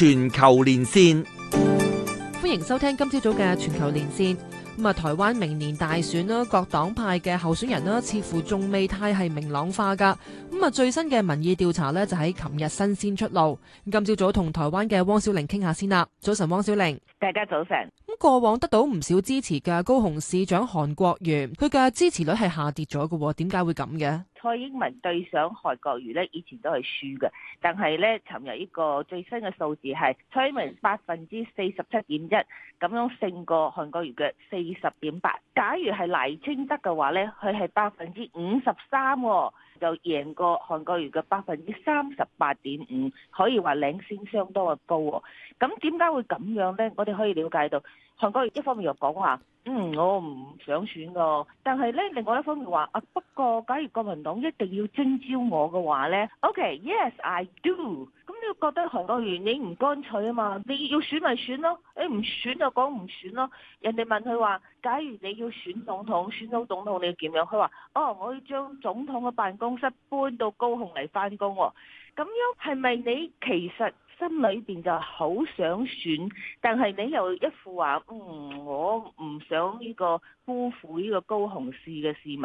全球連線，歡迎收聽今朝早嘅全球連線。咁啊，台灣明年大選啦，各黨派嘅候選人啦，似乎仲未太係明朗化噶。咁啊，最新嘅民意調查咧，就喺琴日新鮮出爐。今朝早同台灣嘅汪小玲傾下先啦。早晨，汪小玲，大家早晨。咁過往得到唔少支持嘅高雄市長韓國瑜，佢嘅支持率係下跌咗嘅，點解會咁嘅？蔡英文對上韓國瑜呢，以前都係輸嘅，但係呢，尋日呢個最新嘅數字係蔡英文百分之四十七點一，咁樣勝過韓國瑜嘅四十點八。假如係賴清德嘅話呢，佢係百分之五十三，就贏過韓國瑜嘅百分之三十八點五，可以話領先相當嘅高。咁點解會咁樣呢？我哋可以了解到韓國瑜一方面又講話。嗯，我唔想選噶、啊，但係呢，另外一方面話啊，不過假如國民黨一定要徵召我嘅話呢 OK、okay, Yes, I do、嗯。咁你覺得韓國瑜你唔乾脆啊嘛？你要選咪選咯，你、哎、唔選就講唔選咯。人哋問佢話，假如你要選總統，選到總統你要點樣？佢話，哦，我要將總統嘅辦公室搬到高雄嚟翻工。咁樣係咪你其實？心裏邊就好想選，但係你又一副話嗯，我唔想呢個辜負呢個高雄市嘅市民。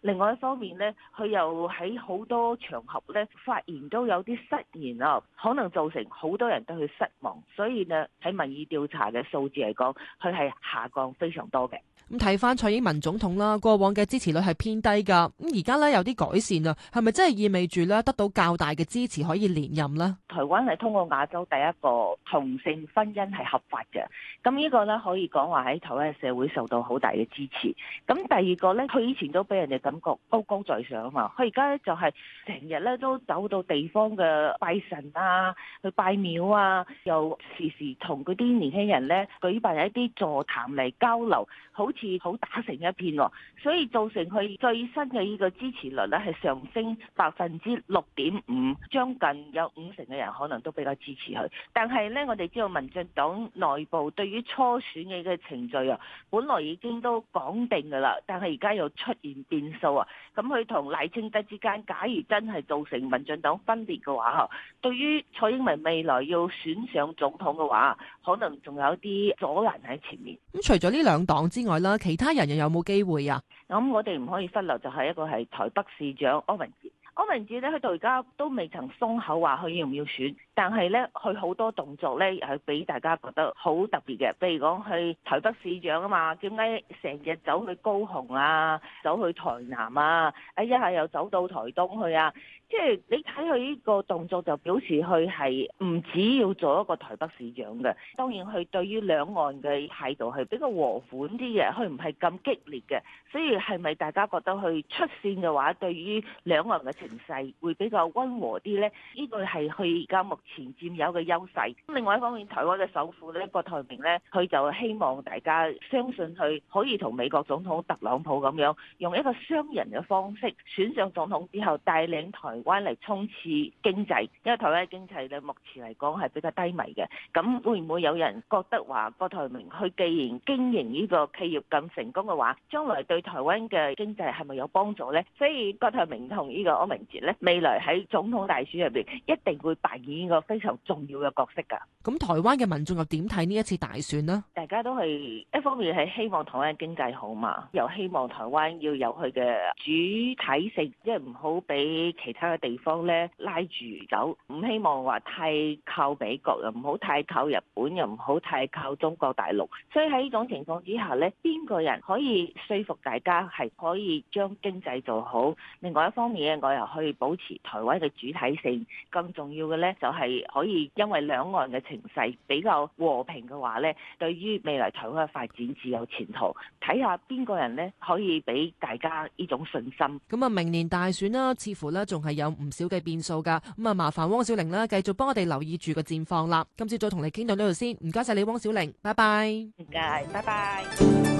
另外一方面咧，佢又喺好多場合咧發言都有啲失言啊，可能造成好多人對佢失望。所以咧，喺民意調查嘅數字嚟講，佢係下降非常多嘅。咁睇翻蔡英文總統啦，過往嘅支持率係偏低噶，咁而家咧有啲改善啊，係咪真係意味住咧得到較大嘅支持可以連任咧？台灣係通過。亞洲第一個同性婚姻係合法嘅，咁呢個呢，可以講話喺台灣嘅社會受到好大嘅支持。咁第二個呢，佢以前都俾人哋感覺高高在上啊嘛，佢而家就係成日咧都走到地方嘅拜神啊，去拜廟啊，又時時同嗰啲年輕人呢舉辦一啲座談嚟交流，好似好打成一片啊，所以造成佢最新嘅呢個支持率呢，係上升百分之六點五，將近有五成嘅人可能都比較。支持佢，但係呢，我哋知道民進黨內部對於初選嘅嘅程序啊，本來已經都講定噶啦，但係而家又出現變數啊，咁佢同賴清德之間，假如真係造成民進黨分裂嘅話，對於蔡英文未來要選上總統嘅話，可能仲有啲阻攔喺前面。咁除咗呢兩黨之外啦，其他人又有冇機會啊？咁、嗯、我哋唔可以忽略，就係一個係台北市長柯文哲。柯文哲咧，佢到而家都未曾鬆口話，佢要唔要選。但係咧佢好多動作咧係俾大家覺得好特別嘅，譬如講去台北市長啊嘛，點解成日走去高雄啊，走去台南啊，哎一下又走到台東去啊？即係你睇佢呢個動作，就表示佢係唔止要做一個台北市長嘅。當然佢對於兩岸嘅態度係比較和緩啲嘅，佢唔係咁激烈嘅。所以係咪大家覺得佢出線嘅話，對於兩岸嘅情勢會比較温和啲咧，呢個係佢而家目前佔有嘅優勢。另外一方面，台灣嘅首富咧郭台銘咧，佢就希望大家相信佢可以同美國總統特朗普咁樣，用一個商人嘅方式選上總統之後帶領台灣嚟衝刺經濟，因為台灣嘅經濟咧目前嚟講，係比較低迷嘅。咁會唔會有人覺得話郭台銘佢既然經營呢個企業咁成功嘅話，將來對台灣嘅經濟係咪有幫助咧？所以郭台銘同呢個歐明。未來喺總統大選入面，一定會扮演一個非常重要嘅角色㗎。咁台灣嘅民眾又點睇呢一次大選呢？大家都係一方面係希望台灣的經濟好嘛，又希望台灣要有佢嘅主體性，即係唔好俾其他嘅地方咧拉住走。唔希望話太靠美國，又唔好太靠日本，又唔好太靠中國大陸。所以喺呢種情況之下呢，邊個人可以說服大家係可以將經濟做好？另外一方面呢，我又。可以保持台灣嘅主體性，更重要嘅咧就係可以因為兩岸嘅情勢比較和平嘅話咧，對於未來台灣嘅發展自有前途。睇下邊個人咧可以俾大家呢種信心。咁啊，明年大選啦，似乎咧仲係有唔少嘅變數噶。咁啊，麻煩汪小玲啦，繼續幫我哋留意住個戰況啦。今次再同你傾到呢度先，唔該曬你，汪小玲，拜拜。唔該，拜拜。